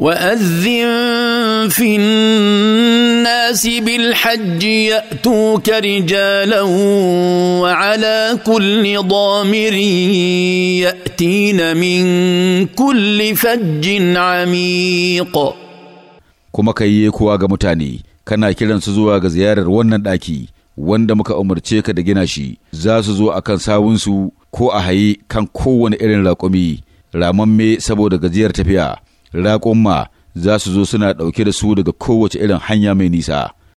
واذن في الناس بالحج ياتوك رجالا وعلى كل ضامر ياتين من كل فج عميق kuma ka yi kuwa ga mutane kana kiransu zuwa ga ziyarar wannan ɗaki wanda muka umarce ka da gina shi za su zo a kan sawunsu ko a haye kan kowane irin raƙumi ramamme saboda gajiyar tafiya raƙumma za su zo suna ɗauke da su daga kowace irin hanya mai nisa.